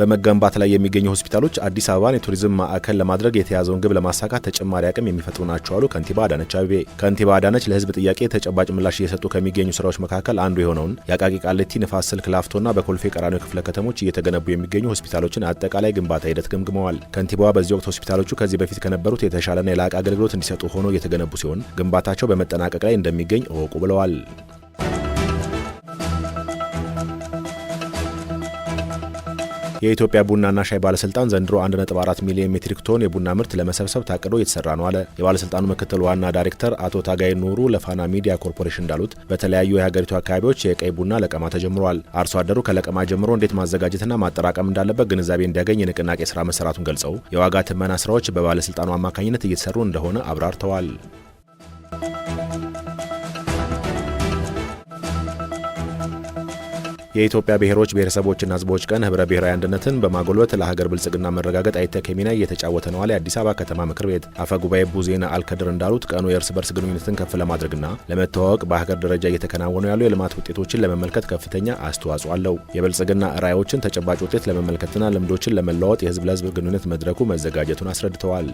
በመገንባት ላይ የሚገኙ ሆስፒታሎች አዲስ አበባን የቱሪዝም ማዕከል ለማድረግ የተያዘውን ግብ ለማሳካት ተጨማሪ አቅም የሚፈጥሩ ናቸው አሉ ከንቲባ አዳነች አቤቤ። ከንቲባ አዳነች ለህዝብ ጥያቄ ተጨባጭ ምላሽ እየሰጡ ከሚገኙ ስራዎች መካከል አንዱ የሆነውን የአቃቂ ቃሊቲ፣ ንፋስ ስልክ ላፍቶና በኮልፌ ቀራኒዮ ክፍለ ከተሞች እየተገነቡ የሚገኙ ሆስፒታሎችን አጠቃላይ ግንባታ ሂደት ገምግመዋል። ከንቲባዋ በዚህ ወቅት ሆስፒታሎቹ ከዚህ በፊት ከነበሩት የተሻለና የላቀ አገልግሎት እንዲሰጡ ሆኖ እየተገነቡ ሲሆን ግንባታቸው በመጠናቀቅ ላይ እንደሚገኝ እወቁ ብለዋል። የኢትዮጵያ ቡናና ሻይ ባለስልጣን ዘንድሮ 1.4 ሚሊዮን ሜትሪክ ቶን የቡና ምርት ለመሰብሰብ ታቅዶ እየተሰራ ነው አለ። የባለስልጣኑ ምክትል ዋና ዳይሬክተር አቶ ታጋይ ኑሩ ለፋና ሚዲያ ኮርፖሬሽን እንዳሉት በተለያዩ የሀገሪቱ አካባቢዎች የቀይ ቡና ለቀማ ተጀምሯል። አርሶ አደሩ ከለቀማ ጀምሮ እንዴት ማዘጋጀትና ማጠራቀም እንዳለበት ግንዛቤ እንዲያገኝ የንቅናቄ ስራ መሰራቱን ገልጸው የዋጋ ትመና ስራዎች በባለስልጣኑ አማካኝነት እየተሰሩ እንደሆነ አብራርተዋል። የኢትዮጵያ ብሔሮች ብሔረሰቦችና ህዝቦች ቀን ህብረ ብሔራዊ አንድነትን በማጎልበት ለሀገር ብልጽግና መረጋገጥ አይተኬ ሚና እየተጫወተ ነው አለ የአዲስ አበባ ከተማ ምክር ቤት አፈ ጉባኤ ቡዜና አልከድር እንዳሉት ቀኑ የእርስ በርስ ግንኙነትን ከፍ ለማድረግና ለመተዋወቅ በሀገር ደረጃ እየተከናወኑ ያሉ የልማት ውጤቶችን ለመመልከት ከፍተኛ አስተዋጽኦ አለው። የብልጽግና ራዕዮችን ተጨባጭ ውጤት ለመመልከትና ልምዶችን ለመለዋወጥ የህዝብ ለህዝብ ግንኙነት መድረኩ መዘጋጀቱን አስረድተዋል።